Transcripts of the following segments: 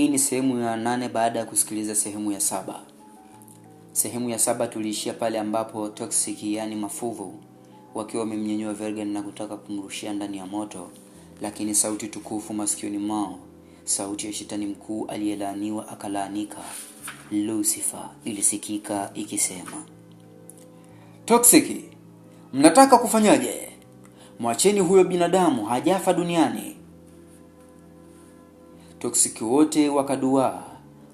Hii ni sehemu ya nane baada ya kusikiliza sehemu ya saba. Sehemu ya saba tuliishia pale ambapo Toxic yaani Mafuvu wakiwa wamemnyanyua vergen na kutaka kumrushia ndani ya moto, lakini sauti tukufu masikioni mwao, sauti ya shetani mkuu aliyelaaniwa akalaanika, Lucifer, ilisikika ikisema, Toxic, mnataka kufanyaje? Mwacheni huyo binadamu, hajafa duniani Toksiki wote wakaduaa,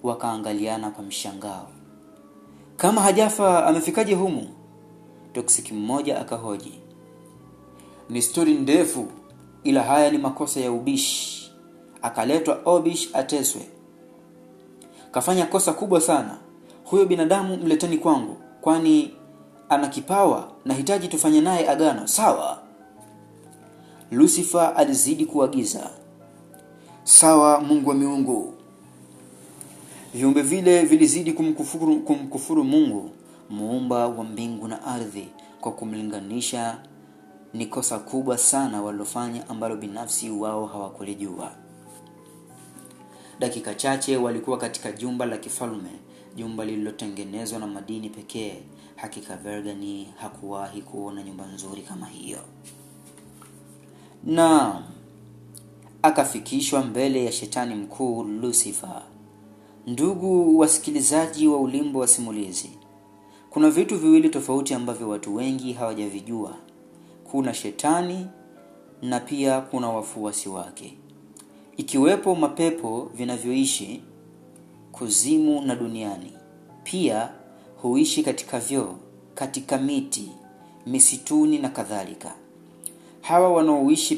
wakaangaliana kwa mshangao. Kama hajafa amefikaje humu? Toksiki mmoja akahoji. Ni stori ndefu, ila haya ni makosa ya ubishi. Akaletwa Obish ateswe. Kafanya kosa kubwa sana. Huyo binadamu mleteni kwangu, kwani ana kipawa, nahitaji tufanye naye agano. Sawa. lusifa alizidi kuagiza sawa Mungu wa miungu. Viumbe vile vilizidi kumkufuru, kumkufuru Mungu muumba wa mbingu na ardhi kwa kumlinganisha. Ni kosa kubwa sana walilofanya ambalo binafsi wao hawakulijua. Dakika chache walikuwa katika jumba la kifalme, jumba lililotengenezwa na madini pekee. Hakika Vergani hakuwahi kuona nyumba nzuri kama hiyo. Naam akafikishwa mbele ya shetani mkuu Lucifer. Ndugu wasikilizaji wa Ulimbo wa Simulizi, kuna vitu viwili tofauti ambavyo watu wengi hawajavijua: kuna shetani na pia kuna wafuasi wake, ikiwepo mapepo vinavyoishi kuzimu na duniani. Pia huishi katika vyoo, katika miti, misituni na kadhalika. Hawa wanaoishi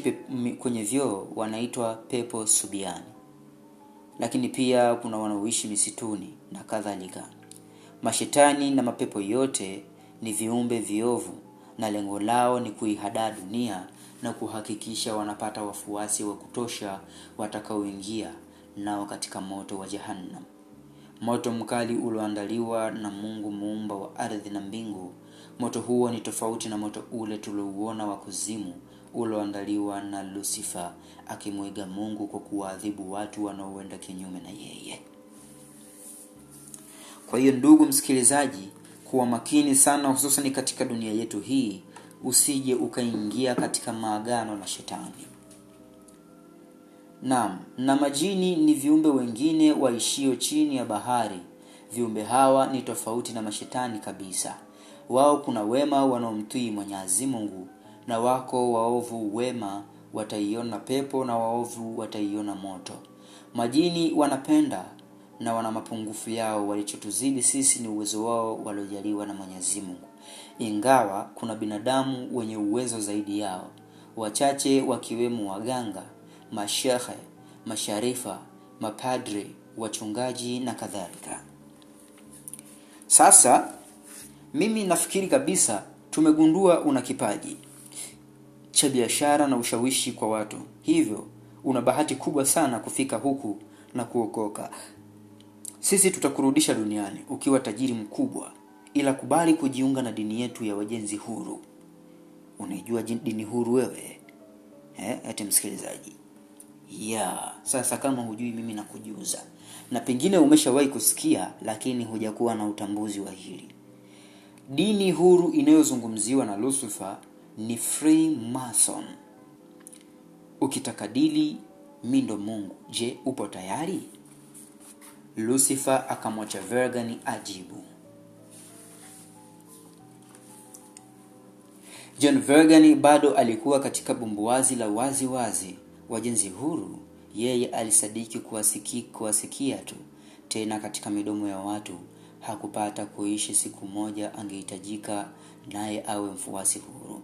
kwenye vyoo wanaitwa pepo subiani, lakini pia kuna wanaoishi misituni na kadhalika. Mashetani na mapepo yote ni viumbe viovu, na lengo lao ni kuihadaa dunia na kuhakikisha wanapata wafuasi wa kutosha watakaoingia nao katika moto wa Jahannam, moto mkali ulioandaliwa na Mungu muumba wa ardhi na mbingu. Moto huo ni tofauti na moto ule tuliouona wa kuzimu ulioandaliwa na Lusifa akimwiga Mungu kwa kuwaadhibu watu wanaoenda kinyume na yeye. Kwa hiyo ndugu msikilizaji, kuwa makini sana, hususani katika dunia yetu hii, usije ukaingia katika maagano na Shetani. Naam, na majini ni viumbe wengine waishio chini ya bahari. Viumbe hawa ni tofauti na mashetani kabisa. Wao kuna wema wanaomtii Mwenyezi Mungu na wako waovu wema wataiona pepo na waovu wataiona moto majini wanapenda na wana mapungufu yao walichotuzidi sisi ni uwezo wao waliojaliwa na mwenyezi mungu ingawa kuna binadamu wenye uwezo zaidi yao wachache wakiwemo waganga mashehe masharifa mapadri wachungaji na kadhalika sasa mimi nafikiri kabisa tumegundua una kipaji cha biashara na ushawishi kwa watu. Hivyo una bahati kubwa sana kufika huku na kuokoka. Sisi tutakurudisha duniani ukiwa tajiri mkubwa, ila kubali kujiunga na dini yetu ya wajenzi huru. Unaijua dini huru wewe? Eh, ati msikilizaji ya yeah. Sasa kama hujui, mimi nakujuza, na pengine umeshawahi kusikia, lakini hujakuwa na utambuzi wa hili. Dini huru inayozungumziwa na Lucifer ni free mason. ukitakadili mindo Mungu, je, upo tayari? Lucifer akamwacha vergani ajibu. John vergani bado alikuwa katika bumbuazi la wazi wazi wajenzi huru. Yeye alisadiki kuwasiki, kuwasikia tu tena katika midomo ya watu. Hakupata kuishi siku moja, angehitajika naye awe mfuasi huru.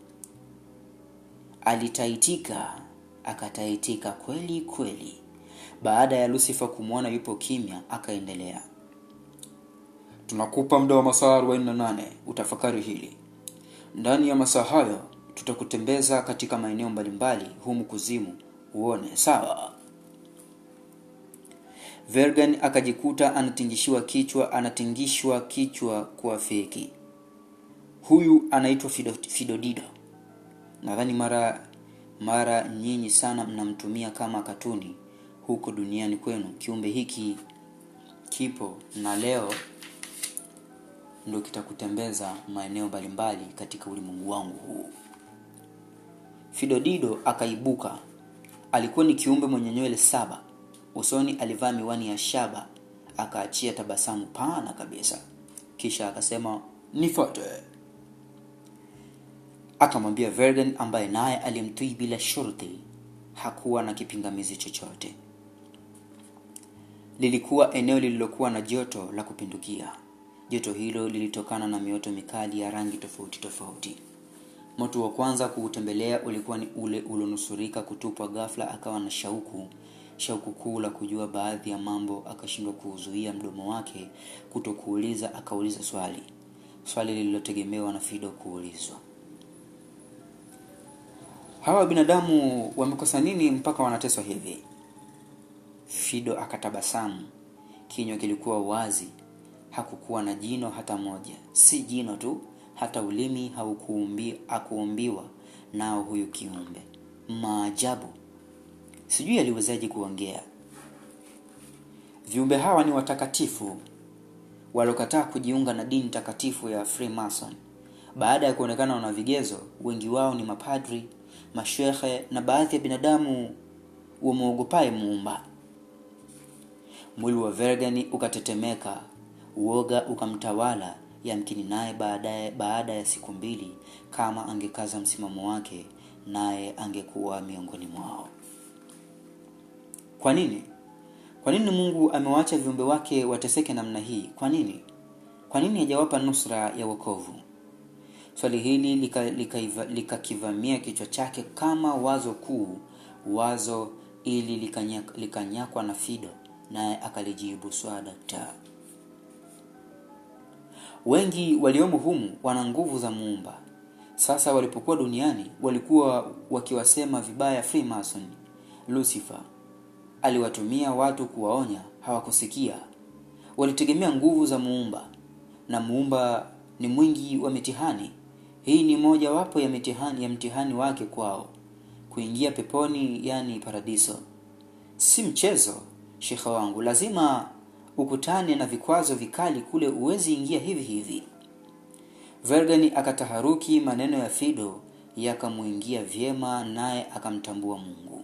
Alitaitika, akataitika kweli kweli. Baada ya Lusifa kumwona yupo kimya, akaendelea, tunakupa muda wa masaa 48 utafakari hili. Ndani ya masaa hayo tutakutembeza katika maeneo mbalimbali humu kuzimu, uone sawa. Vergan akajikuta anatingishiwa kichwa, anatingishwa kichwa kwa feki. Huyu anaitwa Fido, Fidodido nadhani mara mara nyinyi sana mnamtumia kama katuni huko duniani kwenu kiumbe hiki kipo na leo ndo kitakutembeza maeneo mbalimbali katika ulimwengu wangu huu fidodido akaibuka alikuwa ni kiumbe mwenye nywele saba usoni alivaa miwani ya shaba akaachia tabasamu pana kabisa kisha akasema nifuate akamwambia Verden ambaye naye alimtii bila shurti. Hakuwa na kipingamizi chochote. Lilikuwa eneo lililokuwa na joto la kupindukia. Joto hilo lilitokana na mioto mikali ya rangi tofauti tofauti. Moto wa kwanza kuutembelea ulikuwa ni ule ulionusurika kutupwa ghafla, akawa na shauku shauku kuu la kujua baadhi ya mambo, akashindwa kuuzuia mdomo wake kutokuuliza, akauliza swali swali lililotegemewa na Fido kuulizwa hawa binadamu wamekosa nini mpaka wanateswa hivi fido akatabasamu kinywa kilikuwa wazi hakukuwa na jino hata moja si jino tu hata ulimi hakuumbiwa nao huyu kiumbe maajabu sijui aliwezaji kuongea viumbe hawa ni watakatifu waliokataa kujiunga na dini takatifu ya freemason baada ya kuonekana wana vigezo wengi wao ni mapadri mashekhe na baadhi ya binadamu wamwogopaye muumba mwili wa vergani ukatetemeka uoga ukamtawala yamkini naye baadaye baada ya siku mbili kama angekaza msimamo wake naye angekuwa miongoni mwao kwa nini kwa nini mungu amewaacha viumbe wake wateseke namna hii kwa nini kwa nini hajawapa nusra ya wokovu Swali hili likakivamia lika, lika kichwa chake kama wazo kuu, wazo ili likanyakwa lika na Fido, naye akalijibu swada ta. Wengi waliomo humu wana nguvu za Muumba. Sasa walipokuwa duniani walikuwa wakiwasema vibaya Freemason. Lucifer aliwatumia watu kuwaonya, hawakusikia. Walitegemea nguvu za Muumba, na Muumba ni mwingi wa mitihani. Hii ni mojawapo ya mitihani ya mtihani wake kwao, kuingia peponi, yani paradiso. Si mchezo shekha wangu, lazima ukutane na vikwazo vikali kule, uwezi ingia hivi hivi. Vergen akataharuki, maneno ya Fido yakamwingia vyema, naye akamtambua Mungu.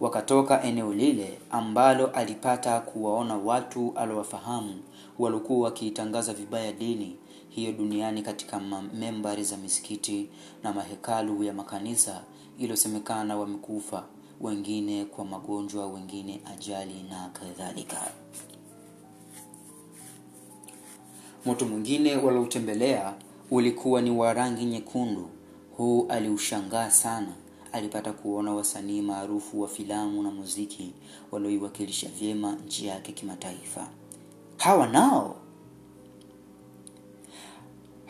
Wakatoka eneo lile ambalo alipata kuwaona watu alowafahamu walikuwa wakiitangaza vibaya dini hiyo duniani katika membari za misikiti na mahekalu ya makanisa iliyosemekana wamekufa wengine kwa magonjwa wengine ajali na kadhalika moto mwingine waliotembelea ulikuwa ni wa rangi nyekundu huu aliushangaa sana alipata kuona wasanii maarufu wa filamu na muziki walioiwakilisha vyema nchi yake kimataifa hawa nao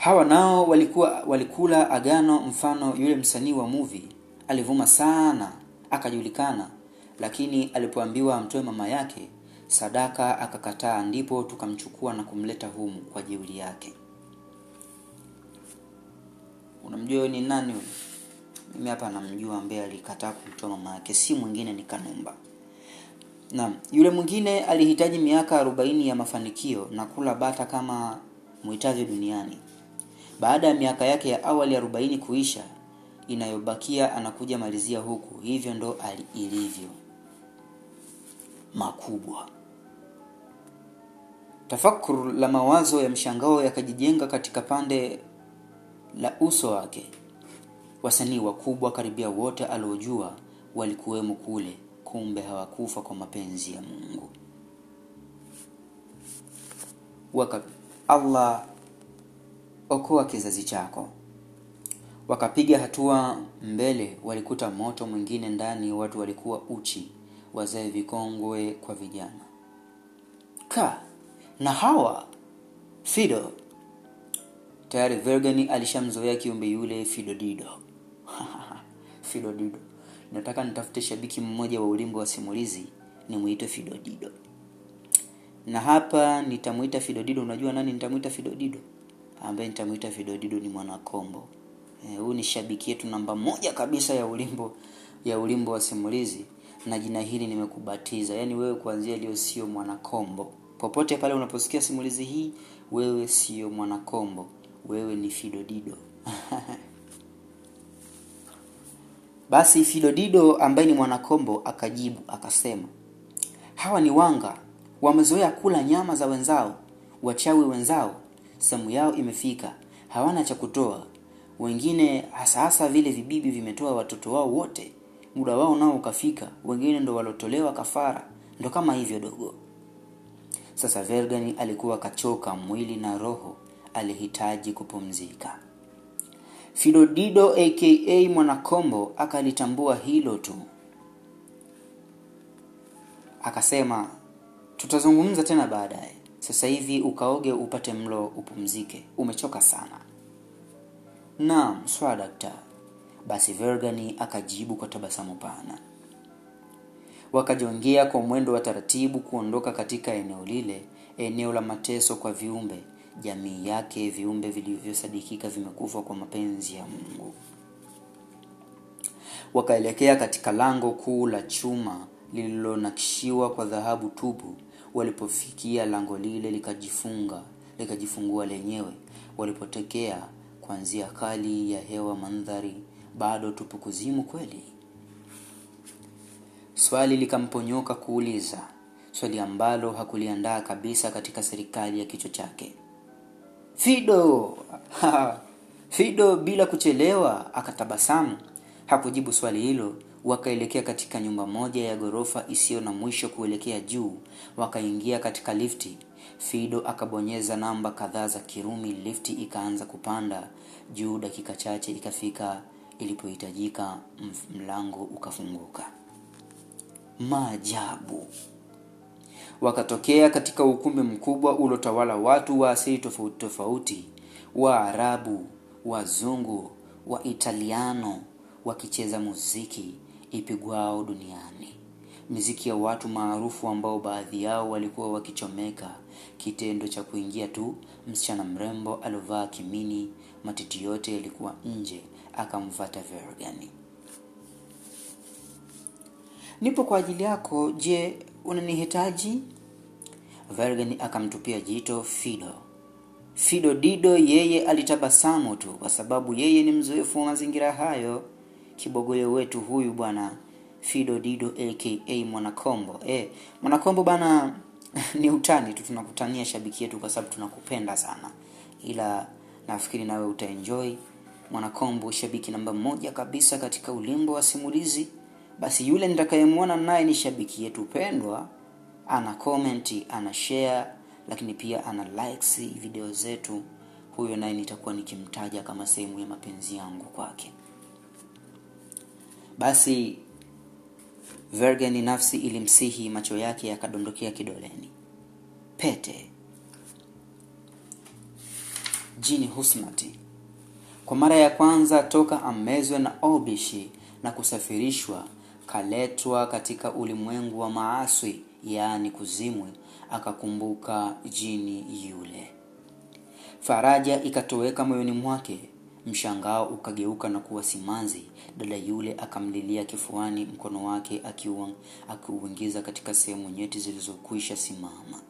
Hawa nao walikuwa walikula agano, mfano yule msanii wa movie alivuma sana akajulikana, lakini alipoambiwa amtoe mama yake sadaka akakataa, ndipo tukamchukua na kumleta humu kwa jeuli yake. Unamjua ni nani huyu? Mimi hapa namjua ambaye alikataa kumtoa mama yake, si mwingine ni Kanumba. na yule mwingine alihitaji miaka arobaini ya mafanikio na kula bata kama mhitaji duniani. Baada ya miaka yake ya awali 40 kuisha, inayobakia anakuja malizia huku. Hivyo ndo ilivyo makubwa. Tafakur la mawazo ya mshangao yakajijenga katika pande la uso wake. Wasanii wakubwa karibia wote aliojua walikuwemo kule, kumbe hawakufa kwa mapenzi ya Mungu. Waka Allah Okoa kizazi chako. Wakapiga hatua mbele, walikuta moto mwingine ndani. Watu walikuwa uchi, wazee vikongwe kwa vijana. Ka na hawa Fido tayari Vergan alishamzoea kiumbe yule Fidodido. Fidodido, nataka nitafute shabiki mmoja wa ulimbo wa simulizi nimwite Fidodido, na hapa nitamwita Fidodido. Unajua nani nitamwita Fidodido? ambaye nitamwita Vidodido ni Mwanakombo. E, huyu ni shabiki yetu namba moja kabisa ya ulimbo ya ulimbo wa simulizi na jina hili nimekubatiza. Yaani wewe kuanzia leo sio Mwanakombo. Popote pale unaposikia simulizi hii, wewe sio Mwanakombo, wewe ni Fidodido. Basi Fidodido ambaye ni Mwanakombo akajibu akasema, hawa ni wanga, wamezoea kula nyama za wenzao, wachawi wenzao samu yao imefika, hawana cha kutoa. Wengine hasa hasa vile vibibi vimetoa watoto wao wote, muda wao nao ukafika, wengine ndo walotolewa kafara, ndo kama hivyo dogo. Sasa vergani alikuwa kachoka mwili na roho, alihitaji kupumzika. Fidodido aka Mwanakombo akalitambua hilo tu, akasema tutazungumza tena baadaye sasa hivi ukaoge upate mlo upumzike umechoka sana naam swala dakta basi vergani akajibu kwa tabasamu pana wakajongea kwa mwendo wa taratibu kuondoka katika eneo lile eneo la mateso kwa viumbe jamii yake viumbe vilivyosadikika vimekufa kwa mapenzi ya mungu wakaelekea katika lango kuu la chuma lililonakishiwa kwa dhahabu tupu Walipofikia lango lile likajifunga likajifungua lenyewe, walipotekea kuanzia kali ya hewa, mandhari bado tupu kuzimu kweli. Swali likamponyoka kuuliza, swali ambalo hakuliandaa kabisa katika serikali ya kichwa chake. Fido Fido bila kuchelewa akatabasamu. Hakujibu swali hilo wakaelekea katika nyumba moja ya ghorofa isiyo na mwisho kuelekea juu. Wakaingia katika lifti. Fido akabonyeza namba kadhaa za Kirumi, lifti ikaanza kupanda juu. Dakika chache ikafika ilipohitajika, mlango ukafunguka. Maajabu! Wakatokea katika ukumbi mkubwa uliotawala watu wa asili tofauti tofauti, Waarabu, Wazungu, Waitaliano, wakicheza muziki ipigwao duniani miziki ya watu maarufu ambao baadhi yao walikuwa wakichomeka kitendo cha kuingia tu msichana mrembo aliovaa kimini matiti yote yalikuwa nje akamfata vergani nipo kwa ajili yako je unanihitaji vergan akamtupia jito fido fido dido yeye alitabasamu tu kwa sababu yeye ni mzoefu wa mazingira hayo kibogoleo wetu huyu bwana fido dido aka mwanakombo e, mwanakombo bana ni utani tu tunakutania shabiki yetu kwa sababu tunakupenda sana ila nafikiri nawe utaenjoy mwanakombo shabiki namba moja kabisa katika ulimbo wa simulizi basi yule nitakayemwona naye ni shabiki yetu pendwa ana comment ana share lakini pia ana likes video zetu huyo naye nitakuwa nikimtaja kama sehemu ya mapenzi yangu kwake basi vergeni nafsi ilimsihi, macho yake yakadondokea kidoleni. Pete jini Husmati, kwa mara ya kwanza toka amezwe na Obishi na kusafirishwa kaletwa katika ulimwengu wa maaswi, yaani kuzimwe akakumbuka jini yule. Faraja ikatoweka moyoni mwake Mshangao ukageuka na kuwa simanzi. Dada yule akamlilia kifuani, mkono wake akiuingiza katika sehemu nyeti zilizokwisha simama.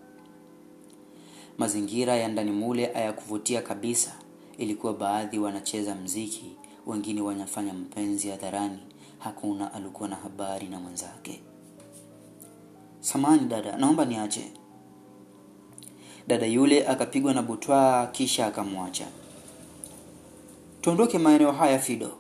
Mazingira ya ndani mule ayakuvutia kabisa. Ilikuwa baadhi wanacheza mziki, wengine wanafanya mpenzi hadharani. Hakuna alikuwa na habari na mwenzake. Samani dada, naomba niache. Dada yule akapigwa na butwaa, kisha akamwacha tuondoke maeneo haya Fido.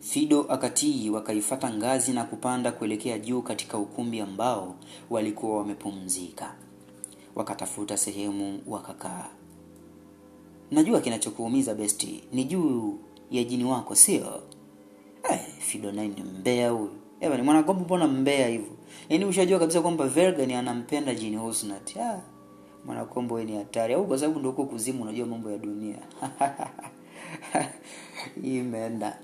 Fido akatii, wakaifata ngazi na kupanda kuelekea juu katika ukumbi ambao walikuwa wamepumzika. Wakatafuta sehemu wakakaa. Najua kinachokuumiza besti ni juu ya jini wako, sio? Hey, eh, Fido naye ni mbea huyu. ni mwanagombo, mbona mbea hivo Yaani ushajua kabisa kwamba Verga ni anampenda jini Husnat. Ah. Mwanakombo, ni hatari, au kwa sababu ndio uko kuzimu, unajua mambo ya dunia imeenda.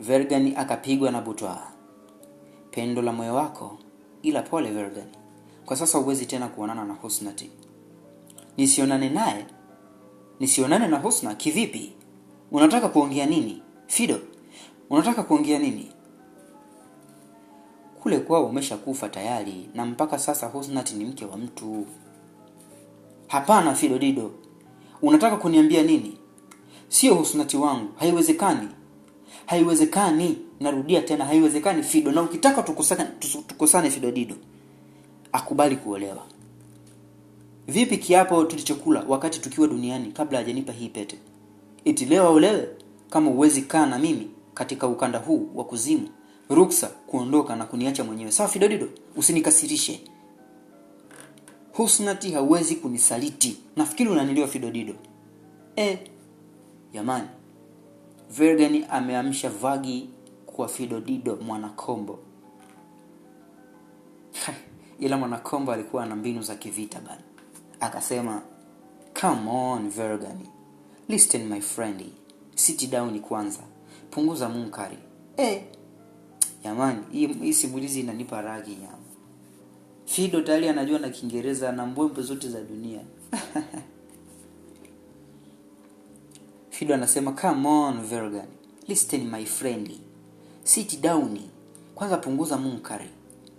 Vergani akapigwa na butwa Pendo la moyo wako, ila pole vergan kwa sasa huwezi tena kuonana na Husnati. Nisionane naye? Nisionane na Husna kivipi? Unataka kuongea nini? Fido, unataka kuongea nini? Kule kwao umeshakufa tayari na mpaka sasa Husnat ni mke wa mtu. Hapana Fidodido, unataka kuniambia nini? Sio Husnati wangu, haiwezekani, haiwezekani. Narudia tena, haiwezekani Fido, na ukitaka tukosane Fidodido akubali kuolewa. Vipi kiapo tulichokula wakati tukiwa duniani kabla hajanipa hii pete? Iti aolewe? Kama uwezi kaa na mimi katika ukanda huu wa kuzimu ruksa kuondoka na kuniacha mwenyewe sawa fidodido usinikasirishe husnati hauwezi kunisaliti nafikiri unaniliwa fidodido e, eh, jamani vergani ameamsha vagi kwa fidodido mwanakombo ila mwanakombo alikuwa na mbinu za kivita bana akasema come on vergani listen my friend sit down kwanza punguza munkari e, Jamani, hii hii simulizi inanipa ragi nyama. Fido tayari anajua na Kiingereza na mbwembwe zote za dunia. Fido anasema come on Vergan, listen my friend, sit down, kwanza punguza munkari,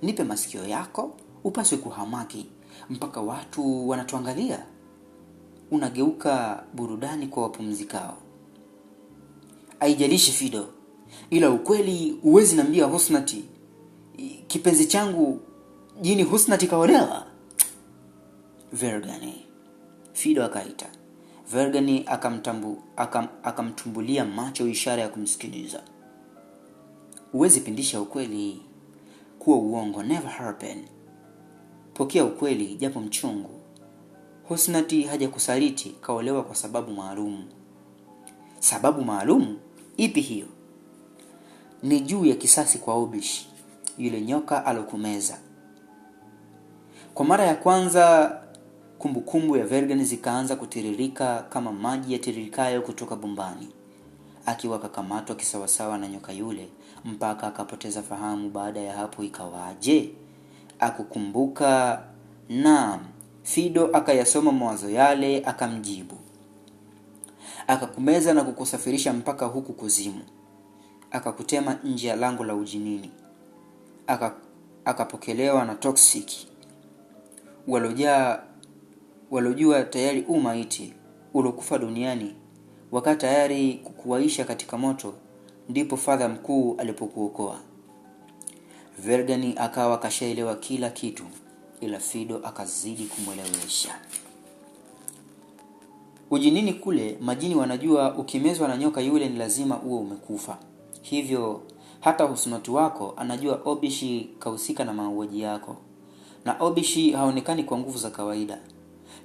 nipe masikio yako, upaswe kuhamaki mpaka watu wanatuangalia, unageuka burudani kwa wapumzikao. Aijalishi Fido, ila ukweli huwezi nambia Husnati kipenzi changu jini Husnati kaolewa. Vergani, Fido akaita Vergani akamtumbulia akam, akamtumbulia macho ishara ya kumsikiliza. Huwezi pindisha ukweli kuwa uongo, never happen. Pokea ukweli japo mchungu. Husnati haja kusariti kaolewa kwa sababu maalumu. Sababu maalumu ipi hiyo? ni juu ya kisasi kwa Obish, yule nyoka alokumeza. Kwa mara ya kwanza kumbukumbu kumbu ya Vergen zikaanza kutiririka kama maji yatiririkayo kutoka bumbani akiwa akakamatwa kisawasawa na nyoka yule mpaka akapoteza fahamu. Baada ya hapo ikawaje? Akukumbuka? Naam, Fido akayasoma mawazo yale, akamjibu, akakumeza na kukusafirisha mpaka huku kuzimu akakutema nje ya lango la ujinini akapokelewa na toxic walojaa walojua tayari umaiti ulokufa duniani wakaa tayari kukuaisha katika moto ndipo fadha mkuu alipokuokoa vergani akawa kashaelewa kila kitu ila fido akazidi kumwelewesha ujinini kule majini wanajua ukimezwa na nyoka yule ni lazima uwe umekufa Hivyo hata Husnoti wako anajua Obishi kahusika na mauaji yako, na Obishi haonekani kwa nguvu za kawaida.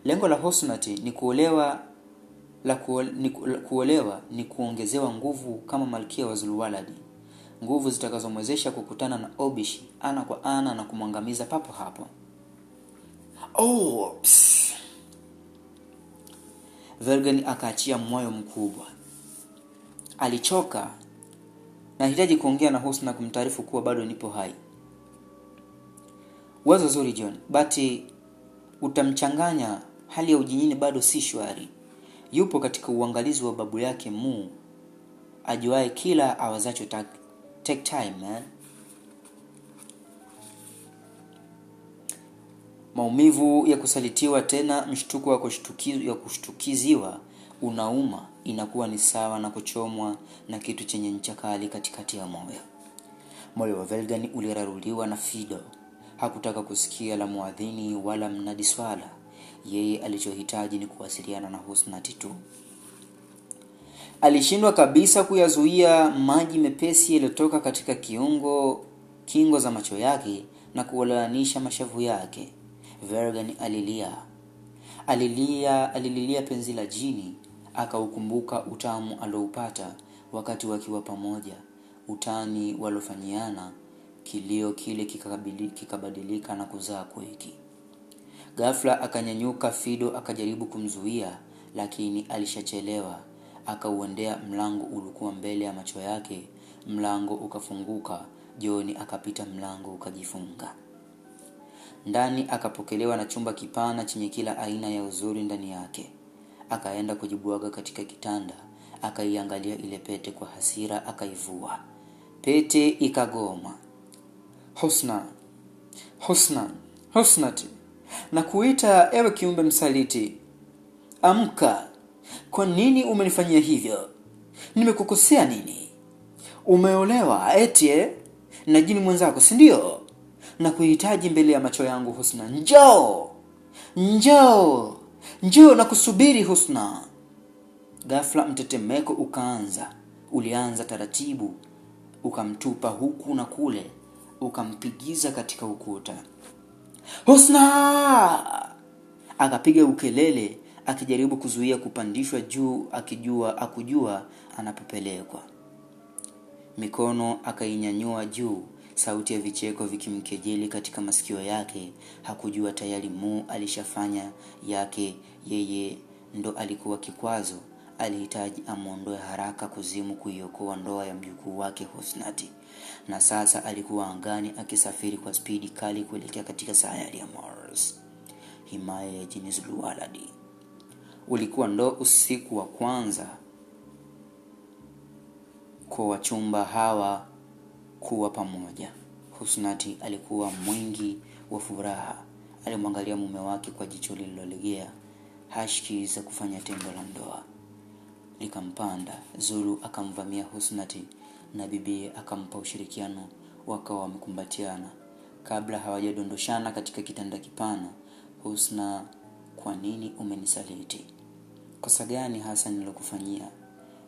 Lengo la Husnati ni kuolewa la kuolewa ni kuongezewa nguvu kama malkia wa Zulwaladi, nguvu zitakazomwezesha kukutana na Obishi ana kwa ana na kumwangamiza papo hapo. Oh, Vergen akaachia moyo mkubwa. Alichoka Nahitaji kuongea na Husna kumtaarifu kuwa bado nipo hai. Wazo zuri John, bati utamchanganya hali ya ujinyini bado si shwari. Yupo katika uangalizi wa babu yake Mu ajuae kila awazacho. Take time man. Eh? Maumivu ya kusalitiwa tena, mshtuko wa kushtukiziwa unauma inakuwa ni sawa na kuchomwa na kitu chenye ncha kali katikati ya moyo moyo wa velgani uliraruliwa na fido hakutaka kusikia la mwadhini wala mnadi swala yeye alichohitaji ni kuwasiliana na husnati tu alishindwa kabisa kuyazuia maji mepesi yaliyotoka katika kiungo kingo za macho yake na kuolanisha mashavu yake vergan alilia alilia alililia penzi la jini akaukumbuka utamu aloupata wakati wakiwa pamoja utani walofanyiana kilio kile kikabadilika na kuzaa kweki ghafla akanyanyuka fido akajaribu kumzuia lakini alishachelewa akauendea mlango ulikuwa mbele ya macho yake mlango ukafunguka joni akapita mlango ukajifunga ndani akapokelewa na chumba kipana chenye kila aina ya uzuri ndani yake Akaenda kujibuaga katika kitanda, akaiangalia ile pete kwa hasira, akaivua. Pete ikagoma. Husna, Husna, Husnati, kuita ewe kiumbe msaliti, amka! Kwa nini umenifanyia hivyo? Nimekukosea nini? Umeolewa eti eh? na jini mwenzako, si ndio? Na kuhitaji mbele ya macho yangu Husna, njoo, njoo! njoo na kusubiri Husna. Ghafla mtetemeko ukaanza, ulianza taratibu, ukamtupa huku na kule, ukampigiza katika ukuta. Husna! Akapiga ukelele akijaribu kuzuia kupandishwa juu, akijua akujua anapopelekwa. Mikono akainyanyua juu, sauti ya vicheko vikimkejeli katika masikio yake. Hakujua tayari Mu alishafanya yake yeye ndo alikuwa kikwazo, alihitaji amwondoe haraka kuzimu kuiokoa ndoa ya mjukuu wake Husnati, na sasa alikuwa angani akisafiri kwa spidi kali kuelekea katika sayari ya Mars, himaya ya Jinizdulwaladi. Ulikuwa ndo usiku wa kwanza kwa wachumba hawa kuwa pamoja. Husnati alikuwa mwingi wa furaha, alimwangalia mume wake kwa jicho lililolegea hashki za kufanya tendo la ndoa likampanda zulu akamvamia husnati na bibie akampa ushirikiano wakawa wamekumbatiana kabla hawajadondoshana katika kitanda kipana husna kwa nini umenisaliti kosa gani hasa nilokufanyia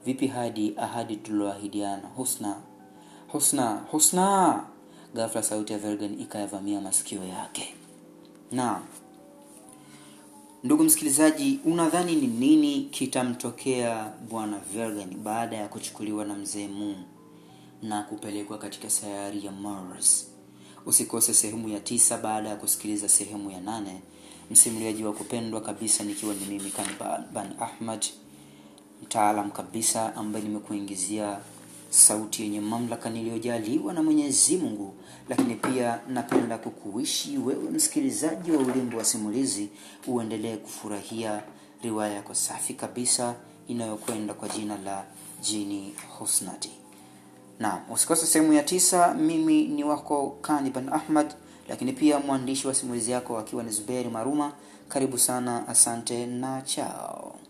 vipi hadi ahadi tulioahidiana husna husna husna ghafla sauti ya vergan ikayavamia masikio yake naam Ndugu msikilizaji, unadhani ni nini kitamtokea Bwana Vergan baada ya kuchukuliwa na mzee Moon na kupelekwa katika sayari ya Mars? Usikose sehemu ya tisa baada ya kusikiliza sehemu ya nane. Msimuliaji wa kupendwa kabisa nikiwa ni mimi kanban Ahmad, mtaalam kabisa ambaye nimekuingizia sauti yenye mamlaka niliyojaliwa na Mwenyezi Mungu. Lakini pia napenda kukuishi wewe msikilizaji wa Ulimbo wa Simulizi, uendelee kufurahia riwaya yako safi kabisa inayokwenda kwa jina la Jini Husnati. nam usikose sehemu ya tisa. Mimi ni wako kani ban Ahmad, lakini pia mwandishi wa simulizi yako akiwa ni Zuberi Maruma. Karibu sana, asante na chao.